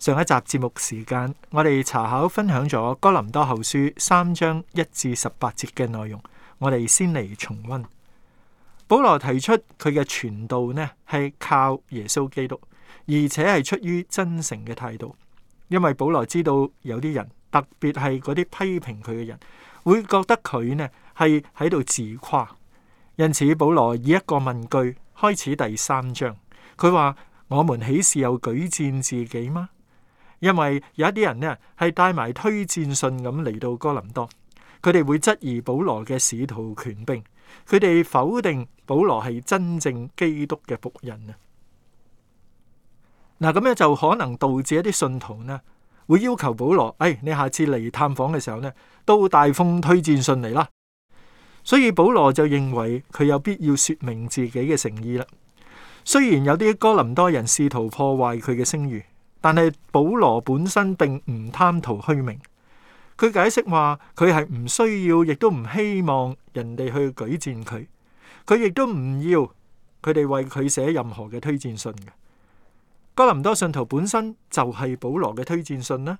上一集節目時間，我哋查考分享咗《哥林多後書》三章一至十八節嘅內容。我哋先嚟重温。保羅提出佢嘅傳道呢，係靠耶穌基督，而且係出於真誠嘅態度。因為保羅知道有啲人，特別係嗰啲批評佢嘅人，會覺得佢呢係喺度自誇。因此，保羅以一個問句開始第三章。佢話：我們豈是又舉薦自己嗎？因為有一啲人呢係帶埋推薦信咁嚟到哥林多，佢哋會質疑保羅嘅使徒權柄，佢哋否定保羅係真正基督嘅僕人啊！嗱，咁樣就可能導致一啲信徒呢會要求保羅，哎，你下次嚟探訪嘅時候呢，都帶封推薦信嚟啦。所以保羅就認為佢有必要說明自己嘅誠意啦。雖然有啲哥林多人試圖破壞佢嘅聲譽。但係保羅本身並唔貪圖虛名，佢解釋話佢係唔需要，亦都唔希望人哋去舉薦佢，佢亦都唔要佢哋為佢寫任何嘅推薦信嘅。哥林多信徒本身就係保羅嘅推薦信啦，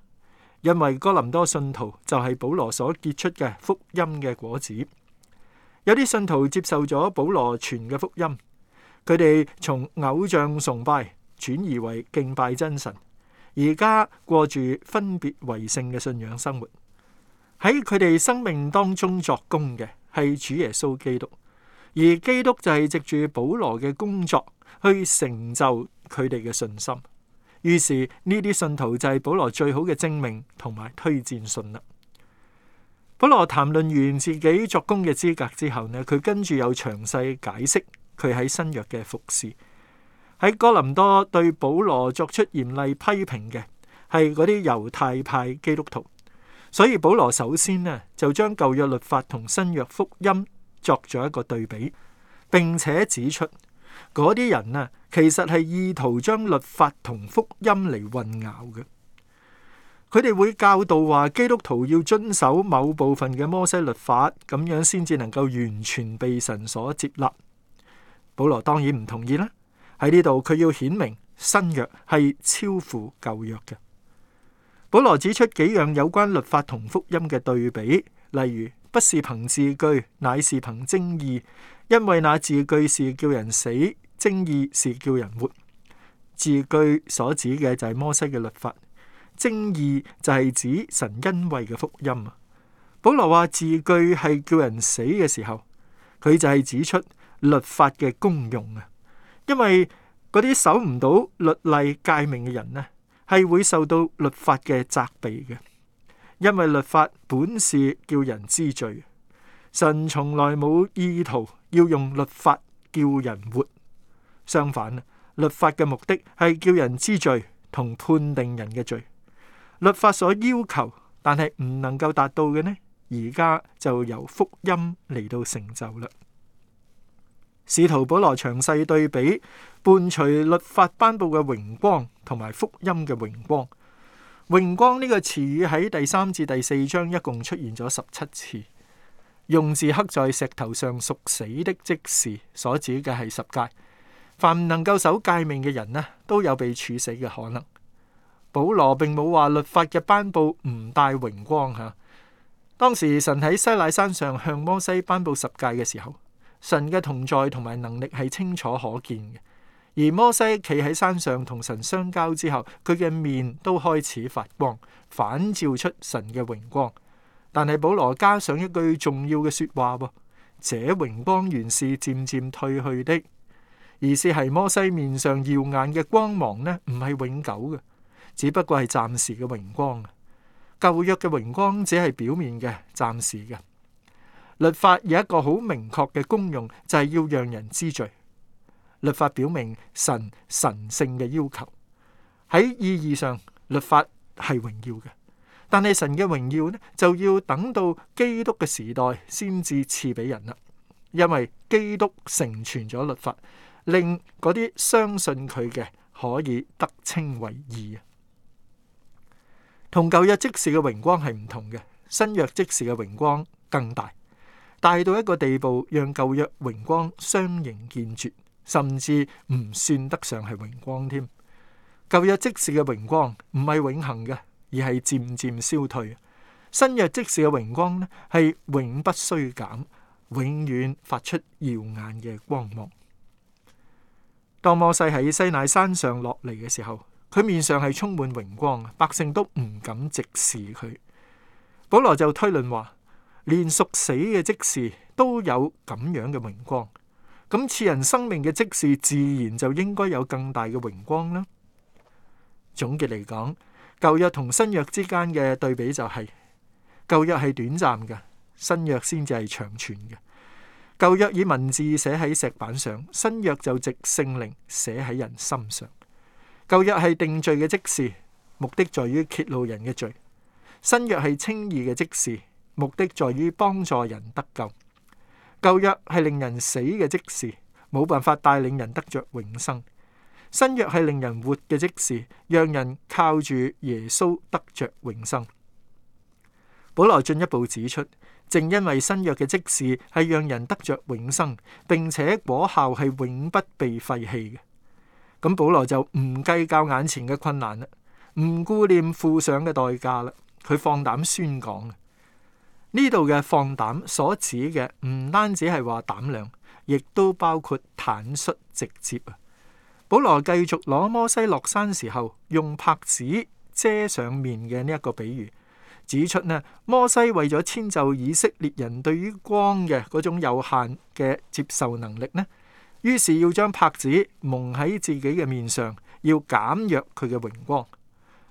因為哥林多信徒就係保羅所結出嘅福音嘅果子。有啲信徒接受咗保羅傳嘅福音，佢哋從偶像崇拜轉移為敬拜真神。而家過住分別為聖嘅信仰生活，喺佢哋生命當中作工嘅係主耶穌基督，而基督就係藉住保羅嘅工作去成就佢哋嘅信心。於是呢啲信徒就係保羅最好嘅證明同埋推薦信啦。保羅談論完自己作工嘅資格之後呢，佢跟住有詳細解釋佢喺新約嘅服侍。喺哥林多對保羅作出嚴厲批評嘅係嗰啲猶太派基督徒，所以保羅首先呢就將舊約律法同新約福音作咗一個對比，並且指出嗰啲人啊，其實係意圖將律法同福音嚟混淆嘅。佢哋會教導話基督徒要遵守某部分嘅摩西律法，咁樣先至能夠完全被神所接納。保羅當然唔同意啦。喺呢度，佢要顯明新約係超乎舊約嘅。保羅指出幾樣有關律法同福音嘅對比，例如不是憑字句，乃是憑精意。因為那字句是叫人死，精意是叫人活。字句所指嘅就係摩西嘅律法，精意就係指神恩惠嘅福音。保羅話字句係叫人死嘅時候，佢就係指出律法嘅功用啊。因為嗰啲守唔到律例誡命嘅人呢，係會受到律法嘅責備嘅。因為律法本是叫人知罪，神從來冇意圖要用律法叫人活。相反，律法嘅目的係叫人知罪同判定人嘅罪。律法所要求，但係唔能夠達到嘅呢，而家就由福音嚟到成就啦。.使徒保羅詳細對比伴隨律法頒布嘅榮光同埋福音嘅榮光。榮光呢個詞語喺第三至第四章一共出現咗十七次。用字刻在石頭上，屬死的職事，所指嘅係十戒。凡能夠守誡命嘅人呢，都有被處死嘅可能。保羅並冇話律法嘅頒布唔帶榮光嚇。當時神喺西奈山上向摩西頒布十戒嘅時候。神嘅同在同埋能力係清楚可見嘅，而摩西企喺山上同神相交之後，佢嘅面都開始發光，反照出神嘅榮光。但係保羅加上一句重要嘅說話：這榮光原是漸漸退去的，意思係摩西面上耀眼嘅光芒呢，唔係永久嘅，只不過係暫時嘅榮光。舊約嘅榮光只係表面嘅，暫時嘅。律法有一個好明確嘅功用，就係要讓人知罪。律法表明神神聖嘅要求，喺意義上，律法係榮耀嘅。但係神嘅榮耀呢，就要等到基督嘅時代先至賜俾人啦。因為基督成全咗律法，令嗰啲相信佢嘅可以得稱為義啊。同舊日即時嘅榮光係唔同嘅，新約即時嘅榮光更大。大到一個地步，讓舊約榮光相形見絀，甚至唔算得上係榮光添。舊約即時嘅榮光唔係永恆嘅，而係漸漸消退；新約即時嘅榮光呢，係永不衰減，永遠發出耀眼嘅光芒。當摩西喺西奈山上落嚟嘅時候，佢面上係充滿榮光，百姓都唔敢直視佢。保羅就推論話。連屬死嘅職事都有咁樣嘅榮光，咁賜人生命嘅職事自然就應該有更大嘅榮光啦。總結嚟講，舊約同新約之間嘅對比就係舊約係短暫嘅，新約先至係長存嘅。舊約以文字寫喺石板上，新約就藉聖靈寫喺人心上。舊約係定罪嘅職事，目的在於揭露人嘅罪；新約係稱義嘅職事。目的在於幫助人得救。舊約係令人死嘅職事，冇辦法帶領人得著永生。新約係令人活嘅職事，讓人靠住耶穌得著永生。保羅進一步指出，正因為新約嘅職事係讓人得著永生，並且果效係永不被廢棄嘅，咁保羅就唔計較眼前嘅困難啦，唔顧念付上嘅代價啦，佢放膽宣講啊！呢度嘅放膽所指嘅唔單止係話膽量，亦都包括坦率直接啊！保羅繼續攞摩西落山時候用帕子遮上面嘅呢一個比喻，指出呢，摩西為咗遷就以色列人對於光嘅嗰種有限嘅接受能力呢，於是要將帕子蒙喺自己嘅面上，要減弱佢嘅榮光。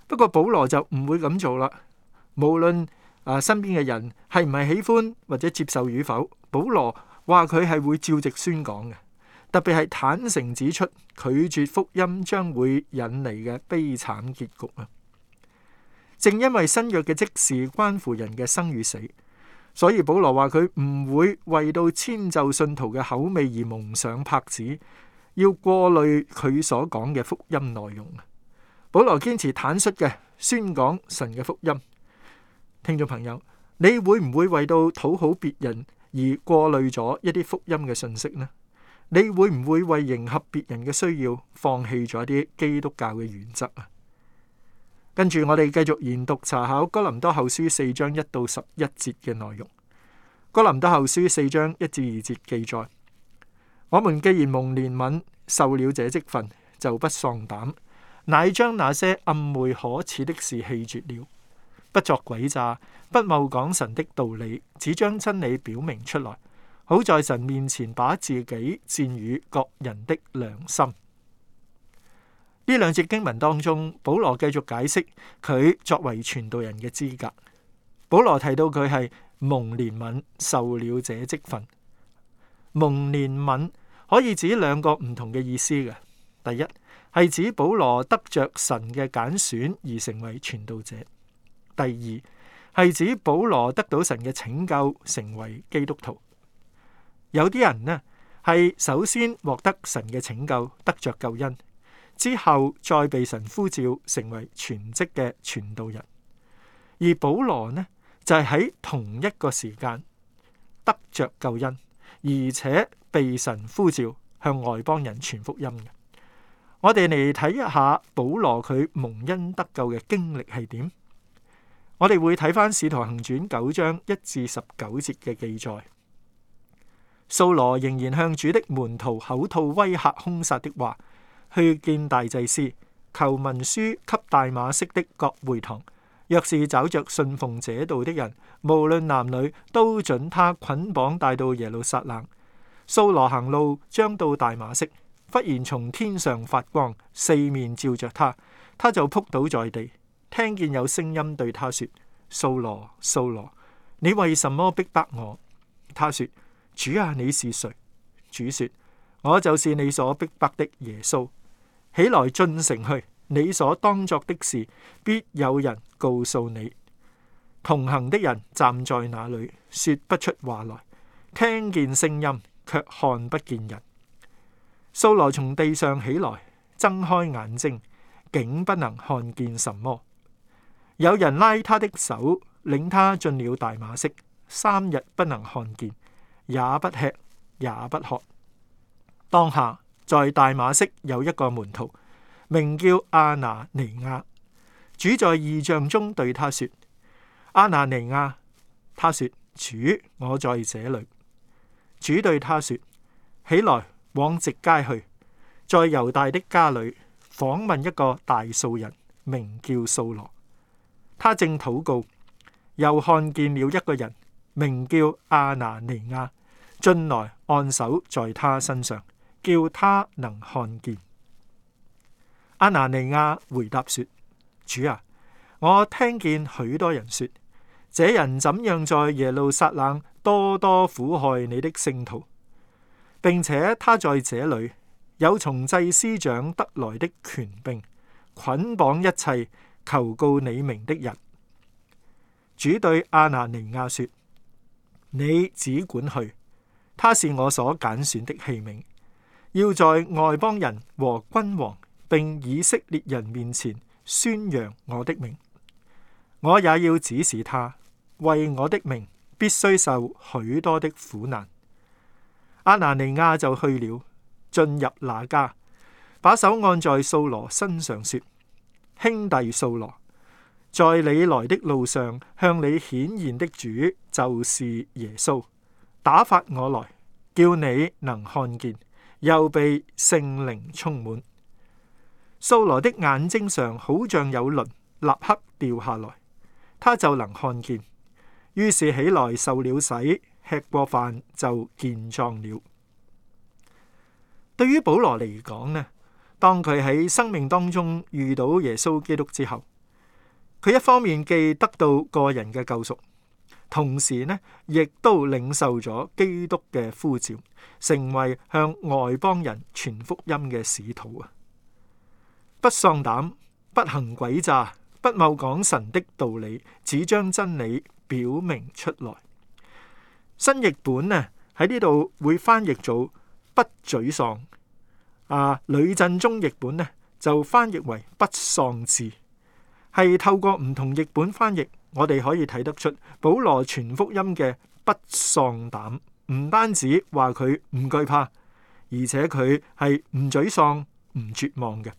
不過保羅就唔會咁做啦，無論。啊！身邊嘅人係唔係喜歡或者接受與否？保羅話佢係會照直宣講嘅，特別係坦誠指出拒絕福音將會引嚟嘅悲慘結局啊！正因為新約嘅即時關乎人嘅生與死，所以保羅話佢唔會為到遷就信徒嘅口味而蒙上帕子，要過濾佢所講嘅福音內容。保羅堅持坦率嘅宣講神嘅福音。聽眾朋友，你會唔會為到討好別人而過濾咗一啲福音嘅信息呢？你會唔會為迎合別人嘅需要放棄咗啲基督教嘅原則啊？跟住我哋繼續研讀查考哥林多後書四章一到十一節嘅內容。哥林多後書四章一至二節記載，我們既然蒙憐憫，受了這職分，就不喪膽，乃將那些暗昧可恥的事棄絕了。不作詭詐，不謬講神的道理，只將真理表明出來，好在神面前把自己薦與各人的良心。呢兩節經文當中，保羅繼續解釋佢作為傳道人嘅資格。保羅提到佢係蒙憐憫，受了這職分。蒙憐憫可以指兩個唔同嘅意思嘅，第一係指保羅得着神嘅揀選而成為傳道者。第二係指保羅得到神嘅拯救，成為基督徒。有啲人呢係首先獲得神嘅拯救，得着救恩之後，再被神呼召成為全職嘅傳道人。而保羅呢就係、是、喺同一個時間得着救恩，而且被神呼召向外邦人傳福音嘅。我哋嚟睇一下保羅佢蒙恩得救嘅經歷係點。我哋會睇翻《使徒行傳》九章一至十九節嘅記載。掃羅仍然向主的門徒口吐威嚇、兇殺的話，去見大祭司，求文書給大馬色的各會堂，若是找着信奉這道的人，無論男女，都准他捆綁帶到耶路撒冷。掃羅行路，將到大馬色，忽然從天上發光，四面照着他，他就仆倒在地。聽見有聲音對他說：掃羅，掃羅，你為什麼逼迫我？他說：主啊，你是誰？主說：我就是你所逼迫的耶穌。起來進城去，你所當作的事必有人告訴你。同行的人站在那裡說不出話來，聽見聲音卻看不見人。掃羅從地上起來，睜開眼睛，竟不能看見什麼。有人拉他的手，領他進了大馬色。三日不能看見，也不吃，也不喝。當下在大馬色有一個門徒，名叫阿拿尼亞。主在異象中對他說：阿拿尼亞，他說：主，我在這裏。主對他說：起來，往直街去，在猶大的家裏訪問一個大數人，名叫掃羅。他正禱告，又看見了一個人，名叫阿拿尼亞，進來按手在他身上，叫他能看見。阿拿尼亞回答說：主啊，我聽見許多人說，這人怎樣在耶路撒冷多多苦害你的聖徒，並且他在這裏有從祭司長得來的權柄，捆綁一切。求告你名的人，主對阿拿尼亞說：你只管去，他是我所揀選的器皿，要在外邦人和君王並以色列人面前宣揚我的名。我也要指示他，為我的名必須受許多的苦難。阿拿尼亞就去了，進入那家，把手按在掃羅身上說：兄弟掃羅，在你來的路上，向你顯現的主就是耶穌，打發我來，叫你能看見，又被聖靈充滿。掃羅的眼睛上好像有鱗，立刻掉下來，他就能看見。於是起來受了洗，吃過飯就健壯了。對於保羅嚟講呢，當佢喺生命當中遇到耶穌基督之後，佢一方面既得到個人嘅救贖，同時呢，亦都領受咗基督嘅呼召，成為向外邦人傳福音嘅使徒啊！不喪膽，不行詭詐，不謬講神的道理，只將真理表明出來。新譯本呢喺呢度會翻譯做不沮喪。啊！呂、呃、振中譯本咧，就翻譯為不喪志，係透過唔同譯本翻譯，我哋可以睇得出保羅傳福音嘅不喪膽，唔單止話佢唔懼怕，而且佢係唔沮喪、唔絕望嘅。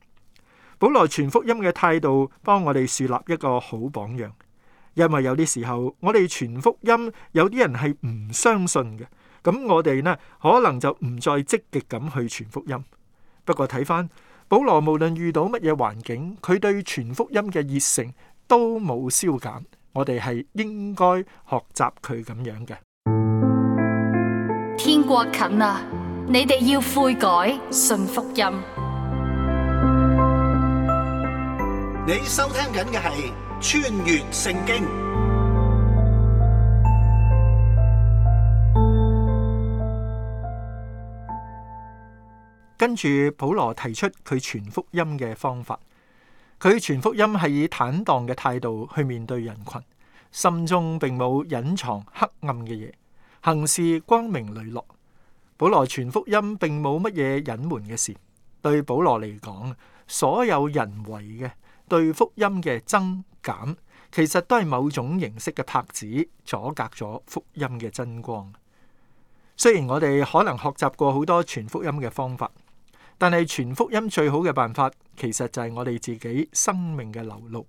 保羅傳福音嘅態度，幫我哋樹立一個好榜樣，因為有啲時候我哋傳福音，有啲人係唔相信嘅，咁我哋呢，可能就唔再積極咁去傳福音。不過睇翻保羅，無論遇到乜嘢環境，佢對傳福音嘅熱誠都冇消減。我哋係應該學習佢咁樣嘅。天國近啦，你哋要悔改，信福音。你收聽緊嘅係穿越聖經。跟住保羅提出佢傳福音嘅方法，佢傳福音係以坦蕩嘅態度去面對人群，心中並冇隱藏黑暗嘅嘢，行事光明磊落。保羅傳福音並冇乜嘢隱瞞嘅事。對保羅嚟講，所有人為嘅對福音嘅增減，其實都係某種形式嘅拍子，阻隔咗福音嘅真光。雖然我哋可能學習過好多傳福音嘅方法。但係傳福音最好嘅辦法，其實就係我哋自己生命嘅流露。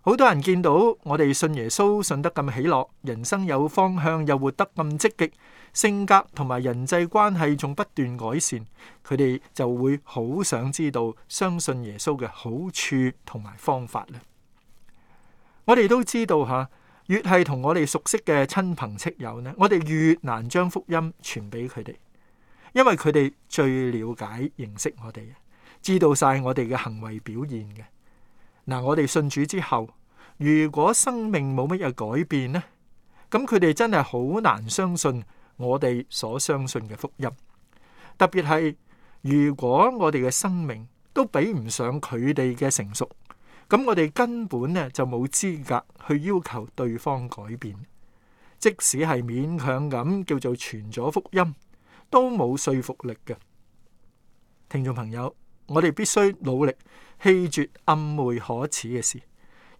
好多人見到我哋信耶穌信得咁喜樂，人生有方向，又活得咁積極，性格同埋人際關係仲不斷改善，佢哋就會好想知道相信耶穌嘅好處同埋方法咧。我哋都知道吓，越係同我哋熟悉嘅親朋戚友咧，我哋越難將福音傳俾佢哋。因為佢哋最了解、認識我哋，知道晒我哋嘅行為表現嘅。嗱，我哋信主之後，如果生命冇乜嘢改變呢，咁佢哋真係好難相信我哋所相信嘅福音。特別係如果我哋嘅生命都比唔上佢哋嘅成熟，咁我哋根本呢就冇資格去要求對方改變。即使係勉強咁叫做傳咗福音。都冇說服力嘅。聽眾朋友，我哋必須努力棄絕暗昧可恥嘅事，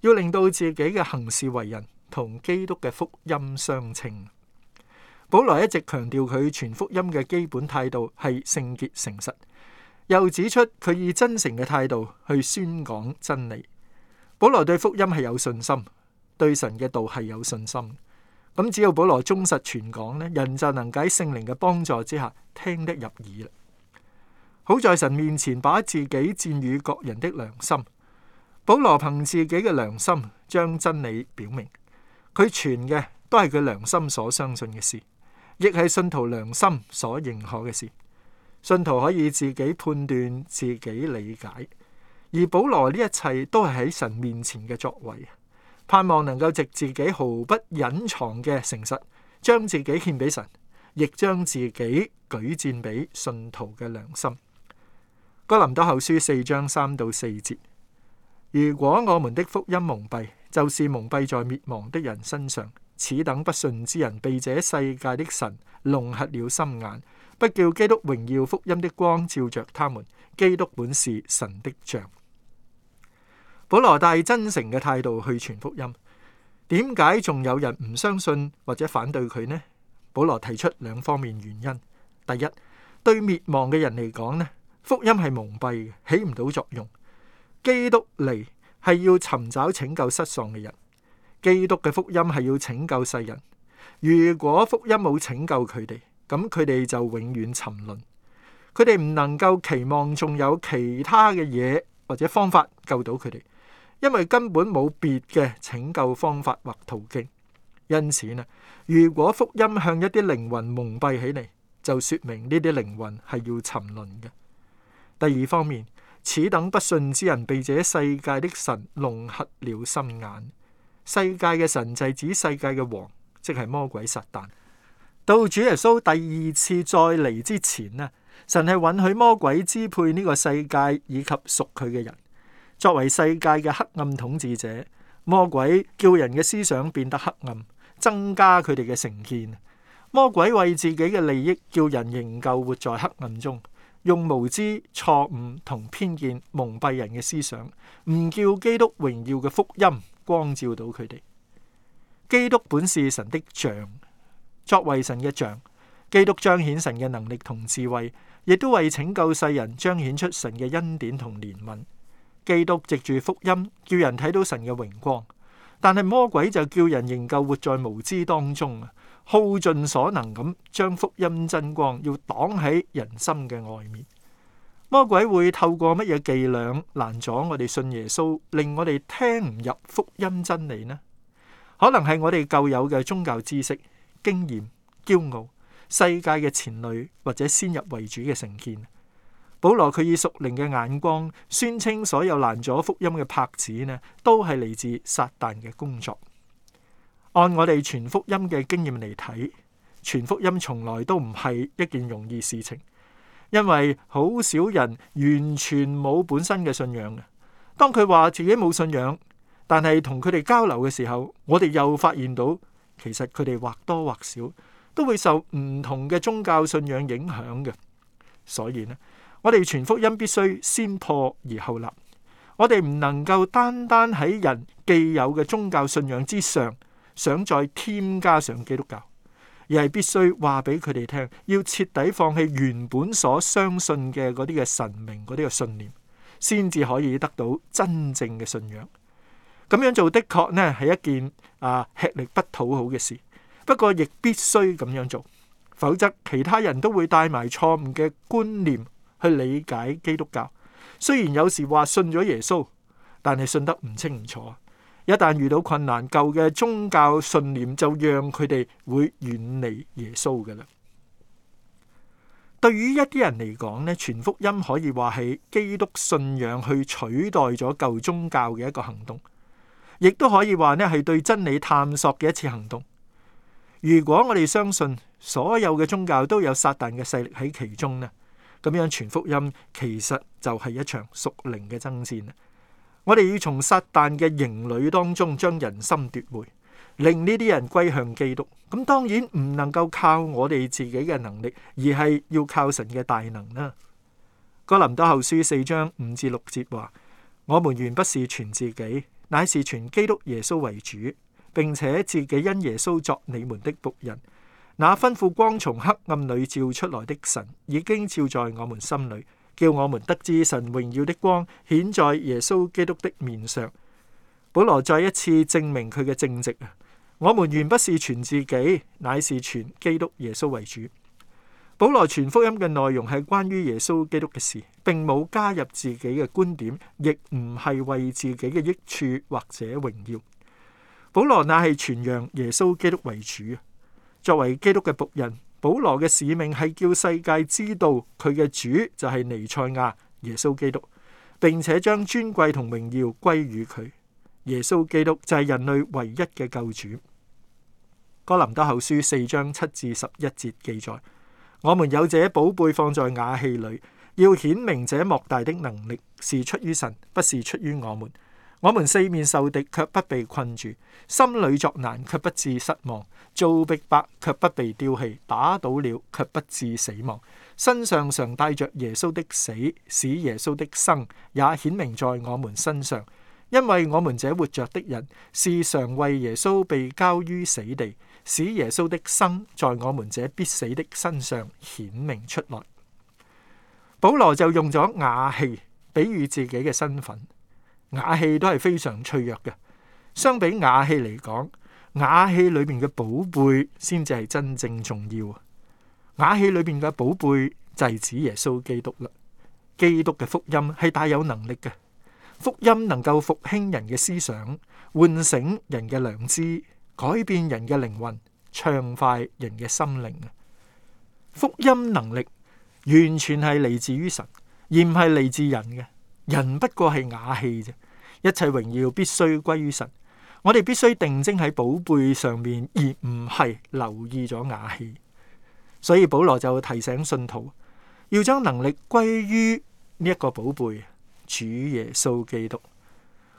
要令到自己嘅行事為人同基督嘅福音相稱。保羅一直強調佢傳福音嘅基本態度係聖潔誠實，又指出佢以真誠嘅態度去宣講真理。保羅對福音係有信心，對神嘅道係有信心。咁只要保羅忠實傳講咧，人就能喺聖靈嘅幫助之下聽得入耳啦。好在神面前把自己薦於各人的良心。保羅憑自己嘅良心將真理表明，佢傳嘅都係佢良心所相信嘅事，亦係信徒良心所認可嘅事。信徒可以自己判斷，自己理解，而保羅呢一切都係喺神面前嘅作為。盼望能夠藉自己毫不隱藏嘅誠實，將自己獻俾神，亦將自己舉薦俾信徒嘅良心。哥林多後書四章三到四節：如果我們的福音矇蔽，就是矇蔽在滅亡的人身上。此等不信之人被這世界的神弄瞎了心眼，不叫基督榮耀福音的光照着他們。基督本是神的像。保羅帶真誠嘅態度去傳福音，點解仲有人唔相信或者反對佢呢？保羅提出兩方面原因：第一，對滅亡嘅人嚟講呢，福音係蒙蔽嘅，起唔到作用。基督嚟係要尋找拯救失喪嘅人，基督嘅福音係要拯救世人。如果福音冇拯救佢哋，咁佢哋就永遠沉淪。佢哋唔能夠期望仲有其他嘅嘢或者方法救到佢哋。因為根本冇別嘅拯救方法或途徑，因此呢，如果福音向一啲靈魂蒙蔽起嚟，就說明呢啲靈魂係要沉淪嘅。第二方面，此等不信之人被這世界的神弄瞎了心眼，世界嘅神就指世界嘅王，即係魔鬼撒旦。到主耶穌第二次再嚟之前呢，神係允許魔鬼支配呢個世界以及屬佢嘅人。作為世界嘅黑暗統治者，魔鬼叫人嘅思想變得黑暗，增加佢哋嘅成見。魔鬼為自己嘅利益，叫人仍舊活在黑暗中，用無知、錯誤同偏見蒙蔽人嘅思想，唔叫基督榮耀嘅福音光照到佢哋。基督本是神的像，作為神嘅像，基督彰顯神嘅能力同智慧，亦都為拯救世人彰顯出神嘅恩典同憐憫。基督藉住福音叫人睇到神嘅榮光，但係魔鬼就叫人仍舊活在無知當中啊！耗盡所能咁將福音真光要擋喺人心嘅外面。魔鬼會透過乜嘢伎倆攔阻我哋信耶穌，令我哋聽唔入福音真理呢？可能係我哋舊有嘅宗教知識、經驗、驕傲、世界嘅牽累或者先入為主嘅成見。保羅佢以屬靈嘅眼光宣稱，所有攔阻福音嘅拍子呢，都係嚟自撒旦嘅工作。按我哋傳福音嘅經驗嚟睇，傳福音從來都唔係一件容易事情，因為好少人完全冇本身嘅信仰嘅。當佢話自己冇信仰，但係同佢哋交流嘅時候，我哋又發現到，其實佢哋或多或少都會受唔同嘅宗教信仰影響嘅。所以呢？我哋傳福音必須先破而後立，我哋唔能夠單單喺人既有嘅宗教信仰之上，想再添加上基督教，而係必須話俾佢哋聽，要徹底放棄原本所相信嘅嗰啲嘅神明、嗰啲嘅信念，先至可以得到真正嘅信仰。咁樣做的確呢，係一件啊吃力不討好嘅事，不過亦必須咁樣做，否則其他人都會帶埋錯誤嘅觀念。去理解基督教，雖然有時話信咗耶穌，但係信得唔清唔楚。一旦遇到困難，舊嘅宗教信念就讓佢哋會遠離耶穌㗎喇。對於一啲人嚟講呢，全福音可以話係基督信仰去取代咗舊宗教嘅一個行動，亦都可以話呢係對真理探索嘅一次行動。如果我哋相信所有嘅宗教都有撒旦嘅勢力喺其中呢。咁樣傳福音，其實就係一場屬靈嘅爭戰。我哋要從撒旦嘅營壘當中將人心奪回，令呢啲人歸向基督。咁當然唔能夠靠我哋自己嘅能力，而係要靠神嘅大能啦。哥林多後書四章五至六節話：我們原不是傳自己，乃是傳基督耶穌為主，並且自己因耶穌作你們的僕人。那吩咐光從黑暗裏照出來的神，已經照在我們心裏，叫我們得知神榮耀的光顯在耶穌基督的面上。保羅再一次證明佢嘅正直啊！我們原不是傳自己，乃是傳基督耶穌為主。保羅傳福音嘅內容係關於耶穌基督嘅事，並冇加入自己嘅觀點，亦唔係為自己嘅益處或者榮耀。保羅乃係傳揚耶穌基督為主。作為基督嘅僕人，保羅嘅使命係叫世界知道佢嘅主就係尼賽亞耶穌基督，並且將尊貴同榮耀歸於佢。耶穌基督就係人類唯一嘅救主。哥林多後書四章七至十一節記載：我們有這寶貝放在瓦器裏，要顯明這莫大的能力是出於神，不是出於我們。我們四面受敵，卻不被困住；心裏作難，卻不致失望；遭逼迫，卻不被丟棄；打倒了，卻不致死亡。身上常帶着耶穌的死，使耶穌的生也顯明在我們身上。因為我們這活着的人，是常為耶穌被交於死地，使耶穌的生在我們這必死的身上顯明出來。保羅就用咗瓦器比喻自己嘅身份。瓦器都係非常脆弱嘅，相比瓦器嚟講，瓦器裏邊嘅寶貝先至係真正重要。瓦器裏邊嘅寶貝就係指耶穌基督啦。基督嘅福音係帶有能力嘅，福音能夠復興人嘅思想，喚醒人嘅良知，改變人嘅靈魂，暢快人嘅心靈啊！福音能力完全係嚟自於神，而唔係嚟自人嘅。人不過係瓦器啫，一切榮耀必須歸於神。我哋必須定睛喺寶貝上面，而唔係留意咗瓦器。所以保羅就提醒信徒，要將能力歸於呢一個寶貝，主耶穌基督。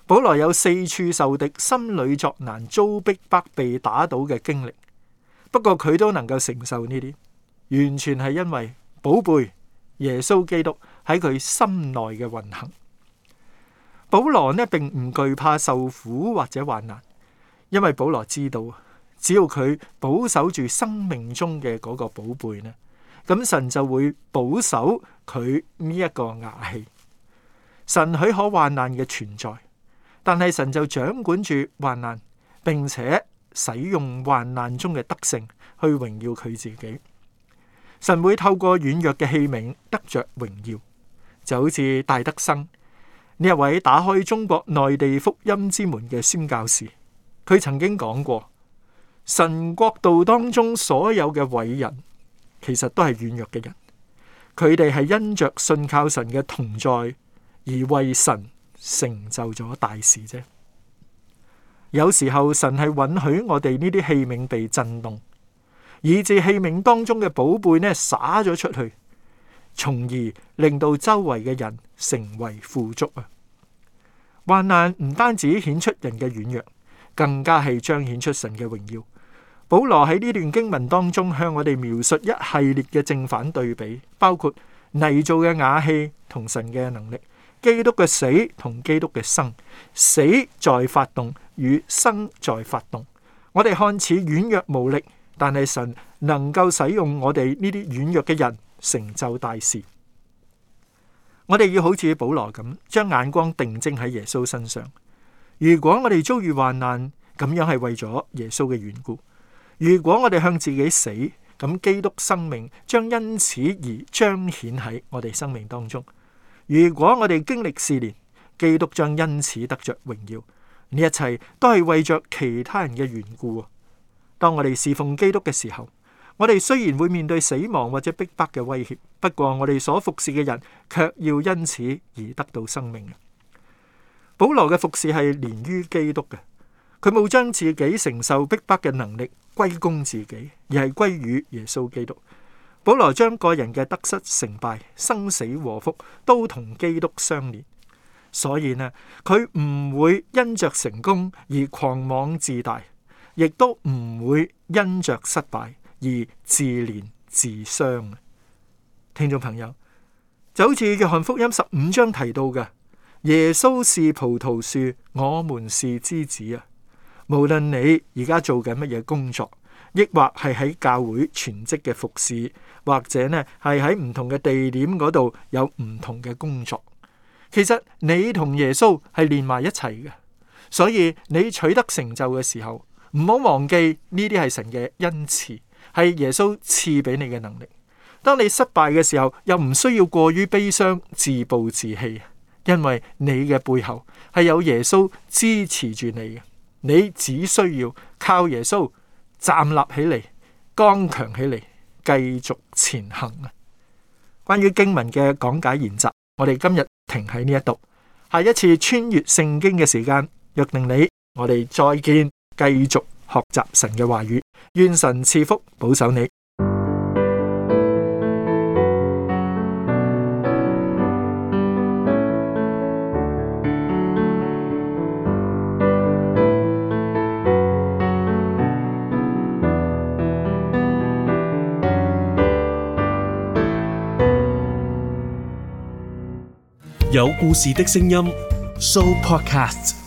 保羅有四處受敵、心裏作難、遭逼迫、被打倒嘅經歷，不過佢都能夠承受呢啲，完全係因為寶貝耶穌基督，喺佢心內嘅運行，保羅呢並唔懼怕受苦或者患難，因為保羅知道，只要佢保守住生命中嘅嗰個寶貝呢，咁神就會保守佢呢一個瓦器。神許可患難嘅存在，但係神就掌管住患難，並且使用患難中嘅德性去榮耀佢自己。神會透過軟弱嘅器皿得着榮耀。就好似戴德生呢一位打開中國內地福音之門嘅宣教士，佢曾經講過：神國度當中所有嘅偉人，其實都係軟弱嘅人，佢哋係因着信靠神嘅同在而為神成就咗大事啫。有時候神係允許我哋呢啲器皿被震動，以至器皿當中嘅寶貝呢灑咗出去。從而令到周圍嘅人成為富足啊！患難唔單止顯出人嘅軟弱，更加係彰顯出神嘅榮耀。保羅喺呢段經文當中向我哋描述一系列嘅正反對比，包括泥造嘅瓦器同神嘅能力、基督嘅死同基督嘅生，死在發動與生在發動。我哋看似軟弱無力，但係神能夠使用我哋呢啲軟弱嘅人。成就大事，我哋要好似保羅咁，將眼光定睛喺耶穌身上。如果我哋遭遇患難，咁樣係為咗耶穌嘅緣故；如果我哋向自己死，咁基督生命將因此而彰顯喺我哋生命當中。如果我哋經歷試煉，基督將因此得着榮耀。呢一切都係為着其他人嘅緣故。當我哋侍奉基督嘅時候。我哋雖然會面對死亡或者逼迫嘅威脅，不過我哋所服侍嘅人卻要因此而得到生命。保羅嘅服侍係連於基督嘅，佢冇將自己承受逼迫嘅能力歸功自己，而係歸於耶穌基督。保羅將個人嘅得失、成敗、生死、禍福都同基督相連，所以呢，佢唔會因着成功而狂妄自大，亦都唔會因着失敗。而自憐自傷，聽眾朋友，就好似約翰福音十五章提到嘅，耶穌是葡萄樹，我們是枝子啊。無論你而家做緊乜嘢工作，亦或係喺教會全職嘅服侍，或者呢係喺唔同嘅地點嗰度有唔同嘅工作，其實你同耶穌係連埋一齊嘅。所以你取得成就嘅時候，唔好忘記呢啲係神嘅恩賜。係耶穌賜俾你嘅能力。當你失敗嘅時候，又唔需要過於悲傷、自暴自棄，因為你嘅背後係有耶穌支持住你嘅。你只需要靠耶穌站立起嚟，剛強起嚟，繼續前行啊！關於經文嘅講解研習，我哋今日停喺呢一度。下一次穿越聖經嘅時間，約定你，我哋再見，繼續。學習神嘅話語，願神賜福保守你。有故事的聲音，Show Podcast。